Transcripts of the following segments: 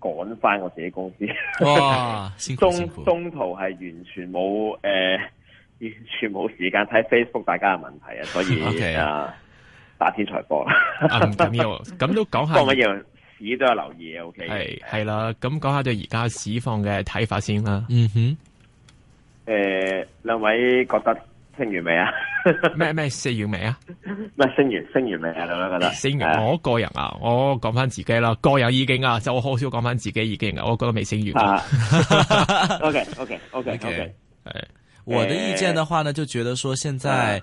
趕翻我自己公司，哇 中中途係完全冇誒、呃，完全冇時間睇 Facebook 大家嘅問題啊，所以、okay. 啊，打天才波啊，咁 唔緊要，咁都講下，乜嘢市都有留意 OK 係係啦，咁、okay? 講下對而家市況嘅睇法先啦。嗯哼，誒、呃、兩位覺得？升完未啊？咩咩升完未啊？咩 升完升完未啊？點樣覺得？升完。我個人啊，yeah. 我講翻自己啦，個人意見啊，就我好少講翻自己意見啊，我覺得未升完、yeah.。 OK OK OK OK，哎、okay. okay.，yeah. 我的意見嘅話呢，就覺得說現在、yeah. 嗯。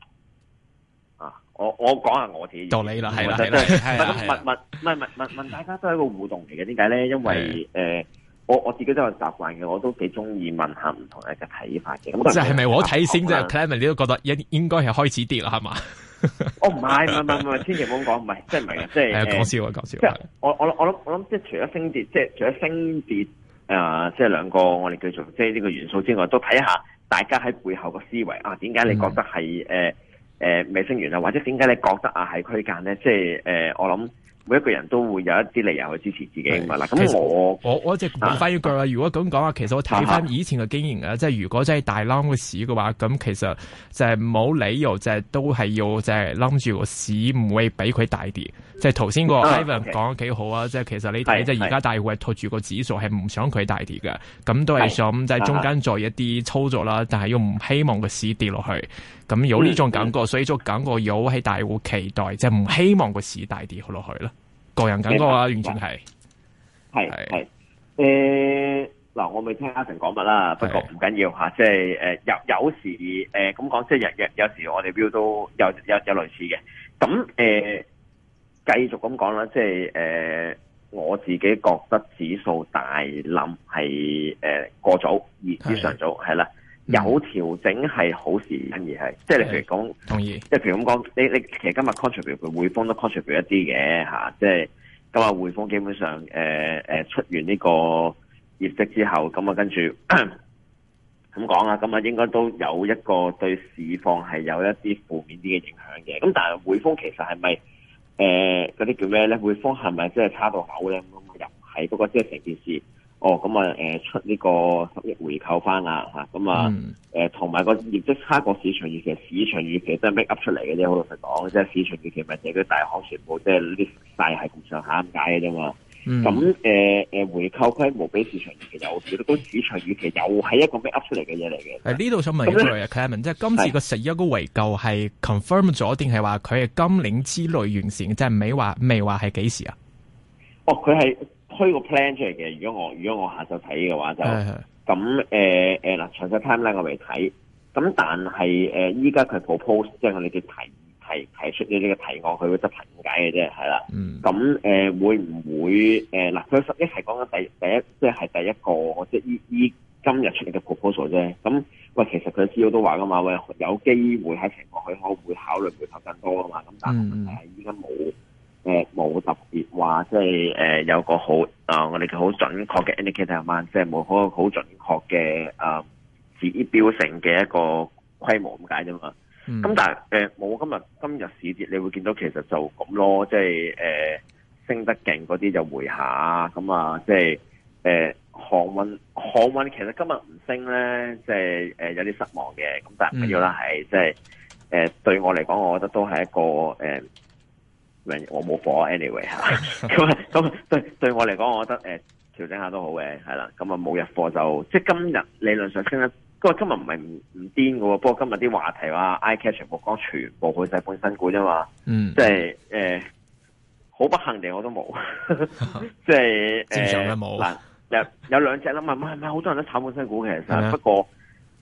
我說說我講下我自己問問道理啦，係啦，係係問問唔係問問問,問大家都係一個互動嚟嘅，點解咧？因為誒、呃，我我自己都有習慣嘅，我都幾中意問下唔同嘅睇法嘅。咁即係咪我睇先啫 Clement 你都覺得應應該係開始跌啦，係嘛、哦 呃？我唔係唔唔唔，千祈唔好講，唔係即係唔係即係講笑啊，講笑、呃。即係我我我諗我諗，即係除咗升跌，即係除咗升跌，誒，即係兩個我哋叫做即係呢個元素之外，都睇下大家喺背後嘅思維啊，點解你覺得係誒？嗯誒未升完啊，或者點解你覺得啊喺區間咧？即係誒，我諗每一個人都會有一啲理由去支持自己噶啦。咁我其實我我即係翻一句啦、啊。如果咁講啊，就是就是、啊，啊，其實我睇翻以前嘅經營啊，即係如果真係大冧個市嘅話，咁其實就係冇理由就係都係要就係冧住個市，唔會俾佢大跌。即係頭先個 Ivan 講得幾好啊！即係其實你睇即係而家大會大戶係托住個指數，係唔想佢大跌嘅。咁都係想就係中間做一啲操作啦、啊，但係又唔希望個市跌落去。咁、嗯、有呢種感覺，所以就感覺有喺大戶期待，即係唔希望個市大跌落去啦。個人感覺啊，完全係係係誒，嗱、呃，我未聽阿成講乜啦，不過唔緊要吓，即係誒有有時誒咁講，即係日日有時我哋 view 都有有有，有類似嘅。咁誒，繼、呃、續咁講啦，即係誒、呃，我自己覺得指數大冧係誒過早，言之尚早係啦。有調整係好事，反而係、嗯，即係你譬如講，同意，即係譬如咁講，你你其實今日 contribute 佢匯豐都 contribute 一啲嘅、啊、即係今日匯豐基本上誒、呃呃、出完呢個業績之後，咁、嗯、啊跟住，咁講啊，咁啊、嗯、應該都有一個對市況係有一啲負面啲嘅影響嘅，咁、嗯、但係匯豐其實係咪誒嗰啲叫咩咧？匯豐係咪即係差到口咧？咁又唔係，不過即係成件事。哦，咁、嗯、啊，誒、嗯，出呢個十億回購翻啊，吓，咁啊，誒，同埋個業績差過市場預期，市場預期都係 make up 出嚟嘅啫，好老實講，即係市場預期咪，係成大行全部即係 lift 晒係咁上下咁解嘅啫嘛。咁、嗯、誒，誒、嗯，回購規模比市場預期有，其實都市場預期又係一個 make up 出嚟嘅嘢嚟嘅。誒、嗯，呢、嗯、度想問一句啊 Clement 即係今次個十億個回購係 confirm 咗，定係話佢係今年之內完成？即係未話未話係幾時啊？哦，佢係。推個 plan 出嚟嘅。如果我如果我下晝睇嘅話就，咁誒誒嗱，長、 呃、時間我未睇，咁但係誒依家佢 proposal 即係你哋提提提出咗呢啲嘅提案，佢會執行評解嘅啫，係啦，咁、嗯、誒、呃、會唔會誒嗱佢一係講緊第第一，即、就、係、是、第一個即係依依今日出嚟嘅 proposal 啫。咁喂、呃、其實佢司機都話㗎嘛，喂、呃、有機會喺情況下會考慮佢投更多㗎嘛，咁但係問題係依家冇。嗯嗯誒、呃，冇特別話，即係誒、呃，有個好啊、呃，我哋叫好準確嘅 indicator 嘛，即係冇好準確嘅誒指標性嘅一個規模咁解啫嘛。咁、嗯、但係誒，冇、呃、今日今日市跌，你會見到其實就咁咯，即係誒、呃、升得勁嗰啲就回下，咁啊，即係誒航運航運。呃、其實今日唔升咧，即係誒、呃、有啲失望嘅。咁但係唔緊要啦，係、嗯、即係誒、呃、對我嚟講，我覺得都係一個誒。呃我冇火，anyway 吓， 咁咁對對我嚟講，我覺得誒調、呃、整下都好嘅，係啦，咁啊冇入貨就即係今日理論上升得，不過今日唔係唔癲嘅喎，不過今日啲話題話 I catch 全部光全部去晒本身股啫嘛，嗯，即係誒好不幸地我都冇，即係誒冇嗱有有兩隻啦嘛，唔係唔係好多人都炒本身股其實，的不過。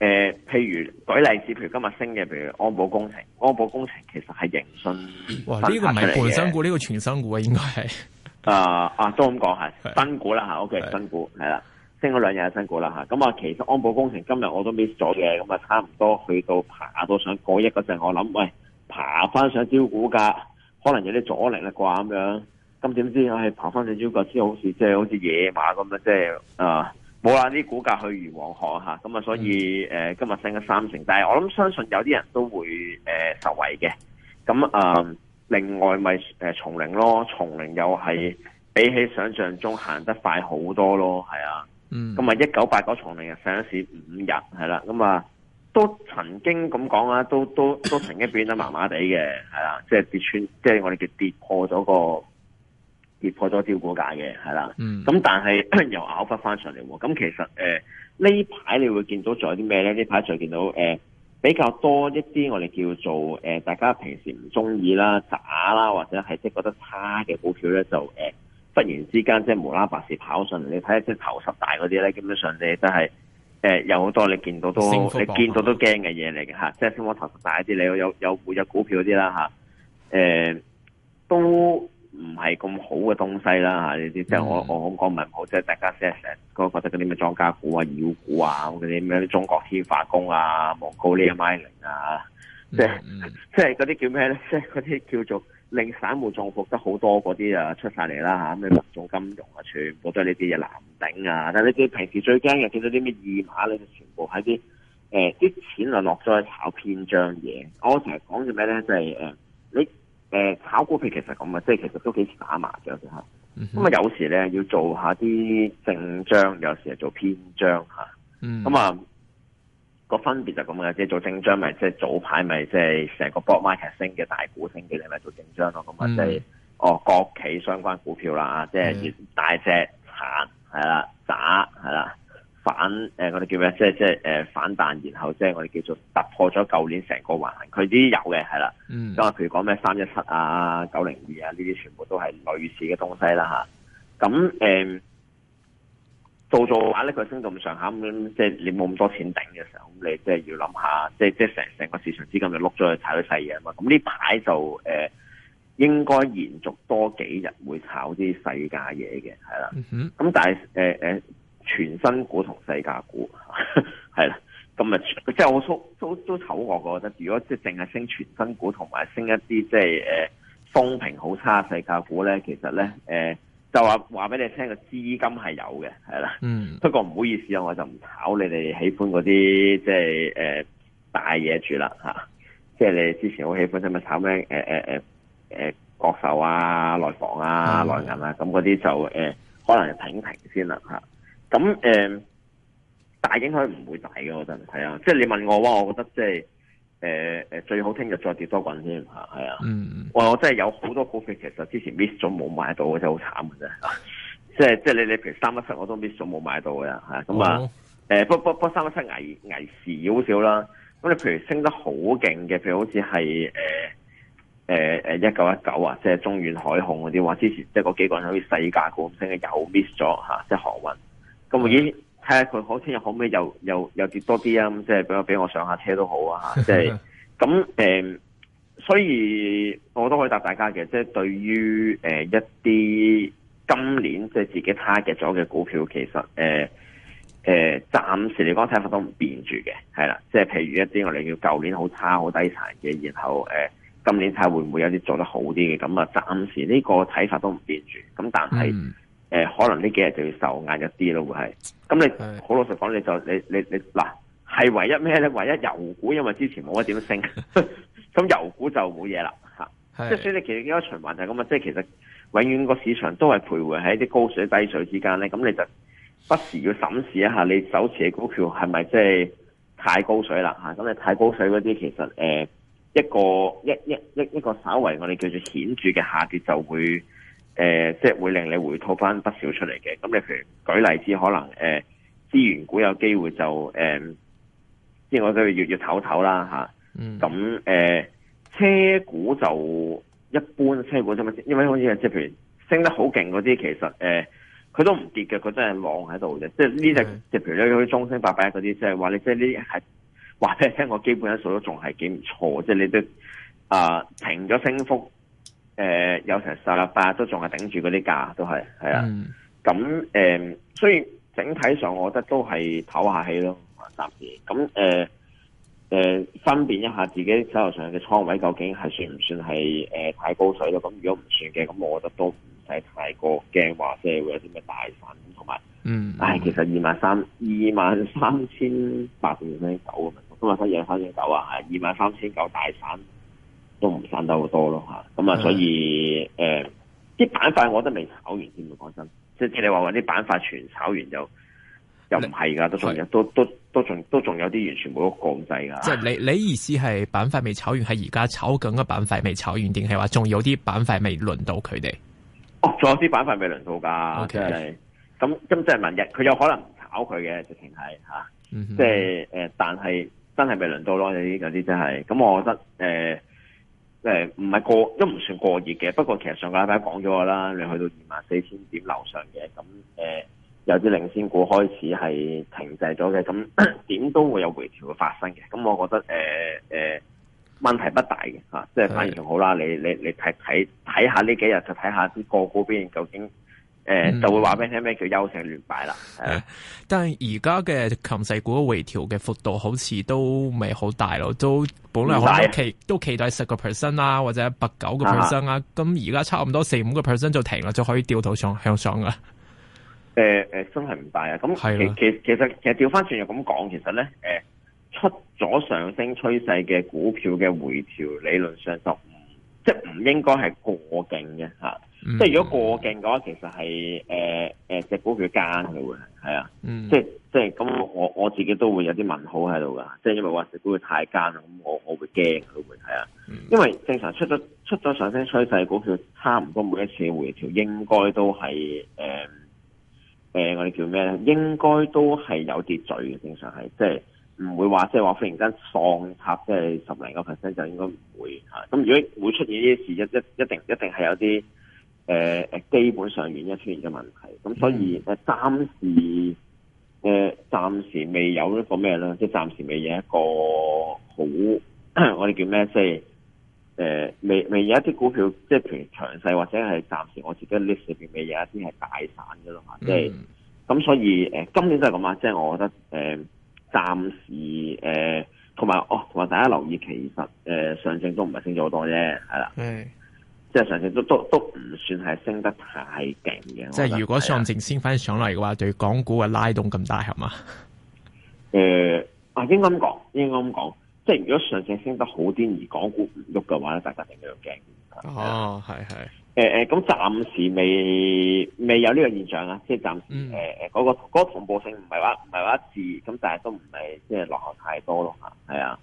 誒、呃，譬如舉例子，譬如今日升嘅，譬如安保工程，安保工程其實係迎新。哇！呢、這個唔係半新股，呢、這個全新股啊，應該係。啊啊，都咁講係新股啦嚇，OK，新股係啦，升咗兩日係新股啦嚇。咁、嗯、啊，其實安保工程今日我都 miss 咗嘅，咁啊差唔多去到爬到上個億嗰陣，我諗喂，爬翻上招股價，可能有啲阻力啦啩咁樣。咁點知，唉、哎，爬翻上招股先好似即係好似野馬咁樣，即係啊～、呃冇啦，啲股價去如黃河吓，咁啊，所以誒今日升咗三成，但係我諗相信有啲人都會誒受、呃、惠嘅，咁啊、呃，另外咪、就、誒、是呃、松齡咯，松齡又係比起想象中行得快好多咯，係啊，咁啊一九八九松齡啊，上市五日係啦，咁啊都曾經咁講啦，都都都曾經變得麻麻地嘅，係啦、啊，即、就、係、是、跌穿，即、就、係、是、我哋叫跌破咗個。跌破咗招股價嘅，係啦。咁、嗯、但係又咬翻翻上嚟喎。咁其實誒呢排你會見到仲有啲咩咧？呢排仲見到誒、呃、比較多一啲我哋叫做誒、呃、大家平時唔中意啦、打啦或者係即係覺得差嘅股票咧，就誒忽、呃、然之間即係無啦啦事跑上嚟。你睇下即係頭十大嗰啲咧，基本上你真係誒、呃、有好多你見到都你見到都驚嘅嘢嚟嘅吓，即係升幅特別大一啲，你有有有會有股票啲啦吓，誒、啊啊、都。唔係咁好嘅東西啦吓，啲即係我我講唔係唔好，即係大家成日嗰覺得嗰啲咩莊家股啊、妖股啊，嗰啲咩中國天化工啊、望高呢個 mining 啊，即係即係嗰啲叫咩咧？即係嗰啲叫做令散戶中伏得好多嗰啲呀。出晒嚟啦吓，咩萬眾金融啊，全部都係呢啲嘢難頂啊！但係你知平時最驚嘅，見到啲咩二碼咧，全部喺啲誒啲錢就落咗去炒篇章嘢。我成日講咗咩咧？就係誒你。誒，炒股票其實咁啊，即係其實都幾似打麻將嘅，咁、嗯、啊有時咧要做下啲正章，有時又做偏章嚇，咁、嗯、啊、那個分別就咁嘅，即係做正章咪即係早排咪即係成個博 market 升嘅大股升嘅，你咪做正章咯，咁啊即係哦國企相關股票啦啊，即係大隻、殘係啦、渣打，係啦。反誒、呃，我哋叫咩？即係即係反彈，然後即係我哋叫做突破咗舊年成個橫行。佢啲有嘅係啦，咁、嗯、啊，譬如講咩三一七啊、九零二啊，呢啲全部都係類似嘅東西啦、啊、嚇。咁誒做做話呢佢升到咁上下咁、嗯，即係你冇咁多錢頂嘅時候，咁你即係要諗下，即係即係成成個市場資金就碌咗去炒啲細嘢啊嘛。咁呢排就誒、呃、應該延續多幾日會炒啲細價嘢嘅，係啦。咁、嗯、但係誒、呃呃全新股同世界股，係 啦，咁啊，即係我都都都炒過，我覺得如果即係淨係升全新股同埋升一啲即係誒，風評好差世界股咧，其實咧誒、呃，就話話俾你聽個資金係有嘅，係啦，嗯、不過唔好意思啊，我就唔炒你哋喜歡嗰啲即係誒大嘢住啦吓，即係、呃啊、你哋之前好喜歡想咪炒咩誒誒誒誒國壽啊、內房啊、內銀啊，咁嗰啲就誒、呃、可能平平先啦吓。啊咁誒、呃，大影響唔會大嘅、就是，我覺得係啊。即係你問我嘅話，我覺得即係誒誒，最好聽日再跌多滾先吓，係啊、嗯呃。我真係有好多股票，其實之前 miss 咗冇買到，真係好慘嘅啫。即係即係你你譬如三一七，我都 miss 咗冇買到嘅啦。吓咁啊，誒不不不，三一七危危少少啦。咁你譬如升得好勁嘅，譬如好似係誒誒誒一九一九啊，呃呃、1919, 即係中遠海控嗰啲，話之前即係嗰幾個人好似世界股升嘅又 miss 咗吓，即係航運。咁咦，睇下佢好聽日可唔可以又又又跌多啲啊？即係俾我俾我上下車都好啊！即係咁誒，所以我都可以答大家嘅，即係對於誒一啲今年即係自己 target 咗嘅股票，其實誒誒暫時嚟講睇法都唔變住嘅，係啦。即係譬如一啲我哋叫舊年好差好低殘嘅，然後誒今年睇下會唔會有啲做得好啲嘅咁啊？暫時呢個睇法都唔變住，咁但係、嗯。誒、呃，可能呢幾日就要受壓一啲咯，會係。咁你好老實講，你就你你你嗱，係唯一咩咧？唯一油股，因為之前冇乜點升，咁 油股就冇嘢啦，吓。即係所以，你其實而家循環就係咁啊，即係其實永遠個市場都係徘徊喺啲高水低水之間咧。咁你就不時要審視一下你手持嘅股票係咪即係太高水啦？吓、啊，咁你太高水嗰啲，其實誒、呃，一個一一一一,一個稍為我哋叫做顯著嘅下跌就會。誒、呃，即係會令你回吐翻不少出嚟嘅。咁你譬如舉例子，可能誒，資、呃、源股，有機會就誒，即係我都要要唞唞啦吓。咁誒、啊嗯嗯嗯，車股就一般，車股點啊？因為好似即係譬如升得好勁嗰啲，其實誒，佢、呃、都唔跌嘅，佢真係晾喺度嘅。嗯、即係呢隻，即譬如你中升八百嗰啲，即係話你即係呢啲係話俾你聽，我基本因素都仲係幾唔錯。即係你都啊、呃，停咗升幅。誒，有成十日八日都仲係頂住嗰啲價，都係係啊。咁、嗯、誒、嗯，所以整體上我覺得都係唞下氣咯，暫時。咁誒誒，呃、分辨一下自己手頭上嘅倉位究竟係算唔算係誒、呃、太高水咯？咁如果唔算嘅，咁我覺得都唔使太過驚話，即係會有啲咩大散。同埋，嗯，唉、嗯哎，其實二萬三二萬三千八零九咁樣，今日真有三千九啊？二萬三千九大散。都唔散得好多咯吓，咁啊所以誒啲、呃、板塊，我都未炒完添。講真，即係你話話啲板塊全炒完就又唔係㗎，都仲有，都都都仲都仲有啲完全冇得降制㗎。即係你你意思係板塊未炒完，係而家炒緊嘅板塊未炒完，定係話仲有啲板塊未輪到佢哋？哦，仲有啲板塊未輪到㗎、okay，即係咁咁即係明日佢有可能炒佢嘅，直情係吓，即係誒，但係真係未輪到咯，有啲有啲真係。咁我覺得誒。呃即係，唔係過都唔算過熱嘅，不過其實上個禮拜講咗啦，你去到二萬四千點樓上嘅，咁誒、呃、有啲領先股開始係停滯咗嘅，咁點都會有回調嘅發生嘅，咁我覺得誒誒、呃呃、問題不大嘅吓、啊，即係反而仲好啦，你你你睇睇睇下呢幾日就睇下啲個股邊究竟。誒、嗯，就會話俾你聽咩叫優勝劣敗啦。誒、啊，但係而家嘅琴細股回調嘅幅度好似都未好大咯，都本來可期都期待十個 percent 啦，或者八九個 percent 啦。咁而家差唔多四五個 percent 就停啦，就可以掉頭上向上噶。誒、欸、誒、欸，真係唔大是啊。咁其其其實其實調翻轉又咁講，其實咧，誒，出咗上升趨勢嘅股票嘅回調，理論上。即係唔應該係過勁嘅吓，即係如果過勁嘅話，其實係誒誒隻股票奸嘅會係啊，即係即係咁我我自己都會有啲問號喺度噶，即係因為話隻股票太奸啦，咁我我會驚佢會係啊，因為正常出咗出咗上升趨勢，股票差唔多每一次回調應該都係誒誒我哋叫咩咧？應該都係、呃呃、有秩序嘅，正常係即係。唔會話即係話忽然間喪插即係十零個 percent 就應該唔會吓。咁如果會出現呢啲事，一一一定一定係有啲誒誒，基本上面一出現嘅問題。咁所以誒暫時誒暫、呃、時,時未有一個咩咧，即係暫時未有一個好我哋叫咩，即係誒未未有一啲股票，即係譬如詳細或者係暫時我自己 list 裏邊未有一啲係大散嘅咯嘛。即係咁所以誒、呃、今年都係咁啊，即係我覺得誒。呃暫時誒，同、呃、埋哦，同埋大家留意，其實誒、呃、上證都唔係升咗好多啫，係啦，即係上證都都都唔算係升得太勁嘅。即係、啊、如果上證升翻上嚟嘅話，對港股嘅拉動咁大係嘛誒，啊、呃、應該咁講應該咁講。即係如果上證升得好啲，而港股唔喐嘅話咧，大家一定要驚嘅。哦，係係、呃。誒誒，咁暫時未未有呢個現象啊，即係暫時誒誒，嗰、嗯呃嗰個嗰個同步性唔係話唔係話一致，咁但係都唔係即係落後太多咯嚇，係啊。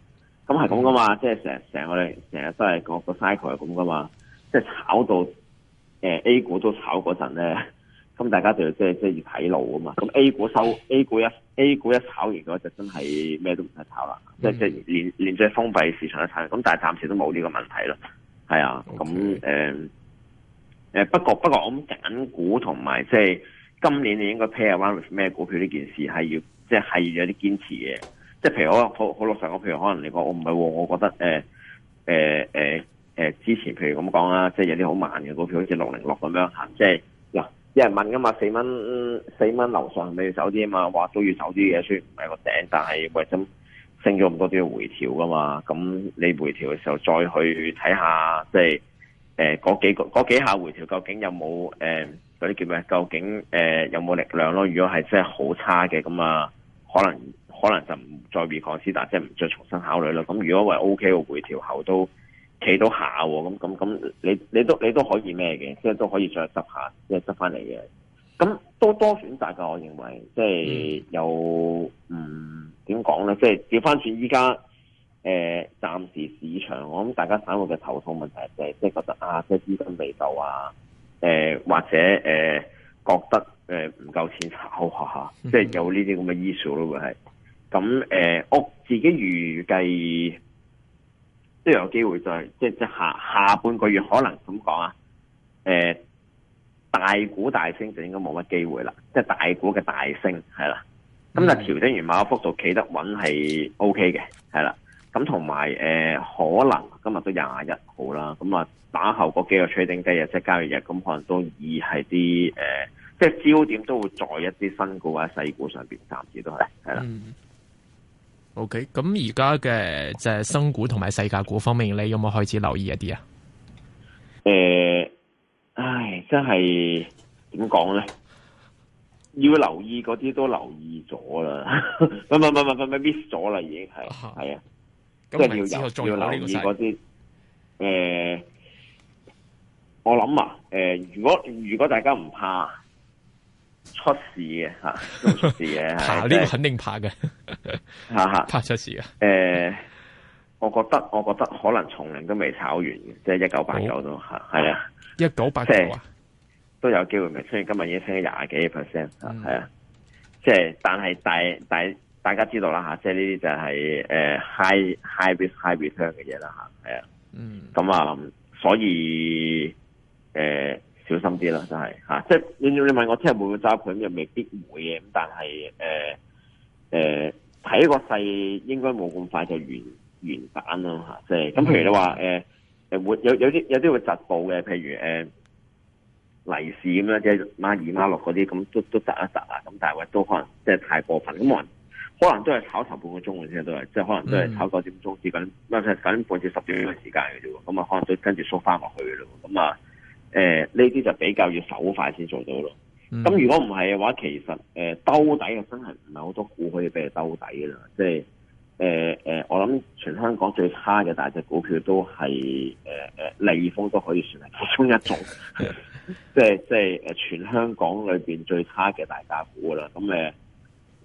咁係咁噶嘛，即係成成個咧成日都係個個 cycle 係咁噶嘛，即係炒到誒、呃、A 股都炒嗰陣咧，咁 大家就即係即係要睇路啊嘛。咁 A 股收、嗯、A 股一。A 股一炒完嘅話，就真係咩都唔使炒啦，即係即係連連最封閉市場都炒。咁但係暫時都冇呢個問題咯。係啊，咁誒誒不過不過，不過我諗揀股同埋即係今年你應該 pair up with 咩股票呢件事係要即係係有啲堅持嘅。即係譬如我好好老實講，我譬如可能嚟講，我唔係我覺得誒誒誒誒之前譬如咁講啦，即係有啲好慢嘅股票，好似六零六咁樣行，即係。就是一人問噶嘛，四蚊四蚊樓上你要走啲啊嘛，話都要走啲嘅，雖然唔係個頂，但係為咗升咗咁多都要回調噶嘛，咁你回調嘅時候再去睇下，即係嗰幾嗰幾下回調究竟有冇誒啲叫咩？究竟誒、呃、有冇力量咯？如果係真係好差嘅咁啊，可能可能就唔再 reconsider，但即係唔再重新考慮啦，咁如果話 O K 嘅回調後都。企到下喎，咁咁咁你你都你都可以咩嘅，即係都可以再執下，即係執返嚟嘅。咁多多選擇嘅，我認為即係又唔點講呢，即係調返轉依家誒，暫時市場，我諗大家散戶嘅頭痛問題誒，即係覺得啊，即係資金未到啊，誒、呃、或者誒、呃、覺得誒唔、呃、夠錢炒啊嚇， 即係有呢啲咁嘅 issue 咯，係。咁誒、呃，我自己預計。都有機會再即即下下半個月可能咁講啊，誒、呃、大股大升就應該冇乜機會啦，即係大股嘅大升係啦。咁就調整完某幅度企得穩係 OK 嘅，係啦。咁同埋誒可能今日都廿一號啦，咁啊打後嗰幾個趨頂日，即交易日，咁可能都二係啲誒，即係焦點都會在一啲新股或者細股上邊，暫時都係係啦。OK，咁而家嘅，即係新股同埋世界股方面，你有冇開始留意一啲啊？誒、呃，唉，真係點講咧？要留意嗰啲都留意咗啦，唔唔唔唔唔 miss 咗啦，已經係係啊，即係之後要要留意嗰啲。誒、呃，我諗啊，誒、呃，如果如果大家唔怕。出事嘅吓，出事嘅吓，呢、 呢個肯定怕嘅，吓吓怕出事嘅、嗯。誒、呃，我覺得我覺得可能從零都未炒完嘅，即係一九八九都吓係啊，一九八九都有機會咪，雖然今日已經升廿幾 percent，係啊，即係、嗯、但係大大家知道啦吓，即係呢啲就係、是、誒、就是呃、high high risk high return 嘅嘢啦吓，係啊，嗯，咁啊，所以誒。呃小心啲啦，真係、吓、即係你你問我聽日會唔會揸盤，又未必會嘅。咁但係誒誒，睇個勢應該冇咁快就完完板咯、吓、即係咁、呃，譬如你話誒誒會有有啲有啲會窒步嘅，譬如誒利是咁樣即係孖二孖六嗰啲，咁都都窒一窒啊！咁但係都可能即係太過分，咁可能可能都係炒頭半個鐘嘅啫，都係，即係可能都係炒九點鐘至緊，即係九點半至十點鐘嘅時間嘅啫。咁啊，可能都,可能都跟住縮翻落去嘅咯，咁啊。誒、呃，呢啲就比較要手快先做到咯。咁、嗯、如果唔係嘅話，其實誒、呃、兜底嘅真係唔係好多股可以俾你兜底噶啦。即係誒誒，我諗全香港最差嘅大隻股票都係誒誒利豐都可以算係其中一種。即係即係誒，全香港裏邊最差嘅大隻股啦。咁誒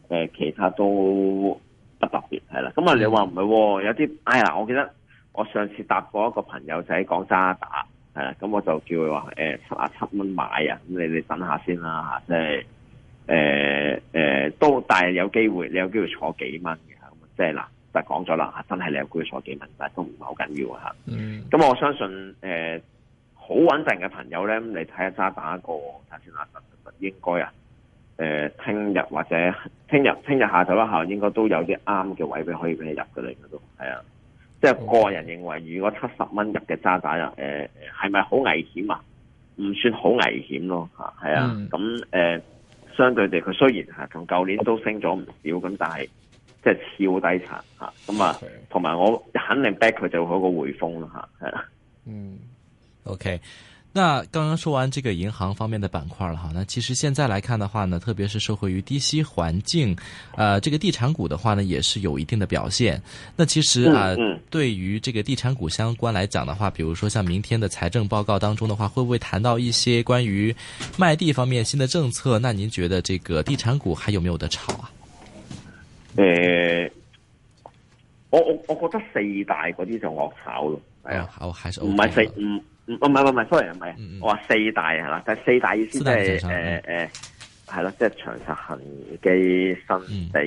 誒，其他都不特別係啦。咁啊，嗯、你話唔係？有啲哎呀，我記得我上次答過一個朋友仔講渣打。係啦、啊，咁我就叫佢話，誒、欸、七啊七蚊買啊，咁你你等下先啦、啊、吓，即係誒誒都，但係有機會，你有機會坐幾蚊嘅，即係嗱就講咗啦吓，真係你有機會坐幾蚊，但係都唔係好緊要吓。咁、啊嗯、我相信誒好穩陣嘅朋友咧，咁你睇下揸打一個，睇先啦、啊，啊啊啊、下應該應該啊，誒聽日或者聽日聽日下晝一下，應該都有啲啱嘅位俾可以俾你入嘅嚟嘅都係啊。Okay. 即係個人認為，如果七十蚊入嘅渣打啊，誒係咪好危險啊？唔算好危險咯嚇，係啊。咁、mm、誒 -hmm. 呃，相對地，佢雖然嚇同舊年都升咗唔少，咁但係即係超低層嚇。咁啊，同、okay. 埋我肯定 back 佢就會有個回風啦吓，係啊，嗯、mm -hmm.，OK。那剛剛說完這個銀行方面的板塊了哈，那其實現在來看的話呢，特別是受惠於低息環境，呃，這個地產股的話呢，也是有一定的表現。那其實啊、嗯，對於這個地產股相關來講的話，比如說像明天的財政報告當中的話，會不會談到一些關於賣地方面新的政策？那您覺得這個地產股還有沒有得炒啊？呃我我我覺得四大嗰啲就惡炒囉哎呀，好、哦、還是唔、okay、係四、嗯唔、哦，唔係唔係，sorry 唔係、嗯，我話四大係啦，但係四大意思即係誒誒，係咯，即、呃、係、嗯就是、長實、恒基、新地、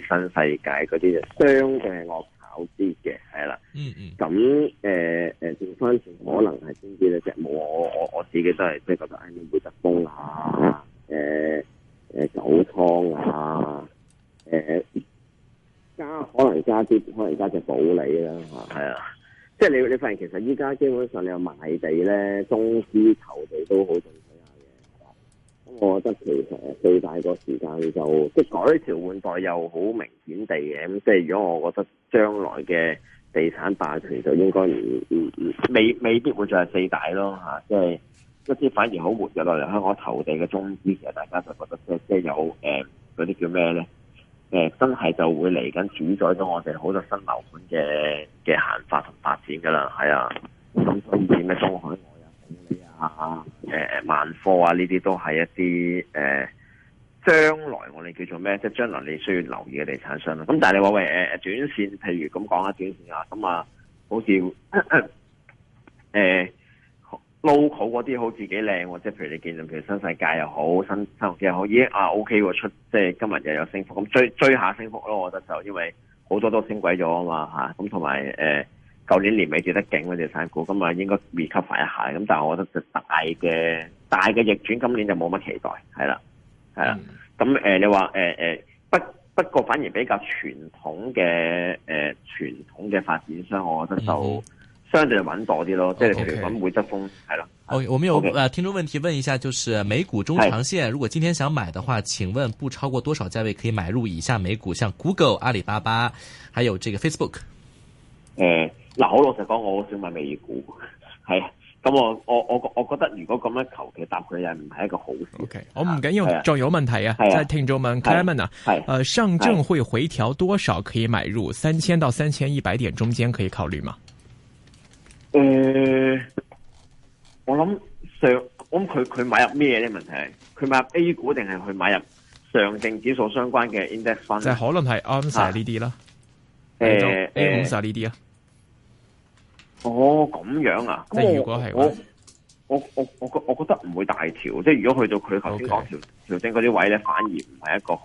新世界嗰啲，相對我炒啲嘅係啦。嗯是是是嗯，咁誒誒，轉翻、呃、可能係先知咧，即係冇我我，我自己都係即係覺得誒，會德豐啊，誒、呃、誒，九倉啊，誒、呃，加可能加啲，可能加，可能加隻保利啦，係啊。即係你，你發現其實依家基本上你有賣地咧，中資投地都好重要嘅。咁我覺得其實四大個時間就即係改朝換代又好明顯地嘅。咁即係如果我覺得將來嘅地產霸權就應該唔未未必會再係四大咯嚇。即係一啲反而好活躍落嚟香港投地嘅中資，其實大家就覺得即即係有誒嗰啲叫咩咧？誒、欸、真係就會嚟緊主宰咗我哋好多新樓盤嘅嘅行法同發展噶啦，係啊，咁所以咩中海外啊、誒、欸、萬科啊呢啲都係一啲誒、欸、將來我哋叫做咩？即係將來你需要留意嘅地產商啦。咁但係你話喂，欸、轉線，譬如咁講下轉線啊，咁啊好似誒。 欸 local 嗰啲好自己靚喎，即係譬如你見到譬如新世界又好，新新鴻基又好，咦、yeah, 啊、ah, OK 喎，出即係今日又有升幅，咁追追下升幅咯，我覺得就因為好多都升貴咗啊嘛，吓，咁同埋誒舊年年尾跌得勁嗰啲產股，咁啊應該 recover 一下，咁但係我覺得就大嘅大嘅逆轉今年就冇乜期待，係啦，係啦，咁、嗯呃、你話誒、呃呃、不不過反而比較傳統嘅誒、呃、傳統嘅發展商，我覺得就。嗯嗯相對穩多啲咯，即係譬如穩匯德豐，係啦。哦、okay.，okay. 我有誒聽眾問題問一下，就是美股中長線，如果今天想買嘅話，請問不超過多少價位可以買入以下美股，像 Google、阿里巴巴，還有這個 Facebook、呃。誒，嗱，好，老實講，我好少買美股。係，咁我我我我覺得如果咁樣求其答佢又唔係一個好。O、okay. K，、啊、我唔緊要，仲有問題啊。係啊，聽眾問 Clement 啊，係、呃，誒，上證會回調多少可以買入？三千到三千一百點中間可以考慮嗎？誒、嗯，我諗上，我諗佢佢買入咩咧？問題係佢買入 A 股定係去買入上證指數相關嘅 index fund 即係可能係安晒呢啲啦，誒、啊，安晒呢啲啊？哦，咁樣啊？即係如果係我，我我我覺我覺得唔會大調，即係如果去到佢頭先講調調整嗰啲位咧，反而唔係一個好。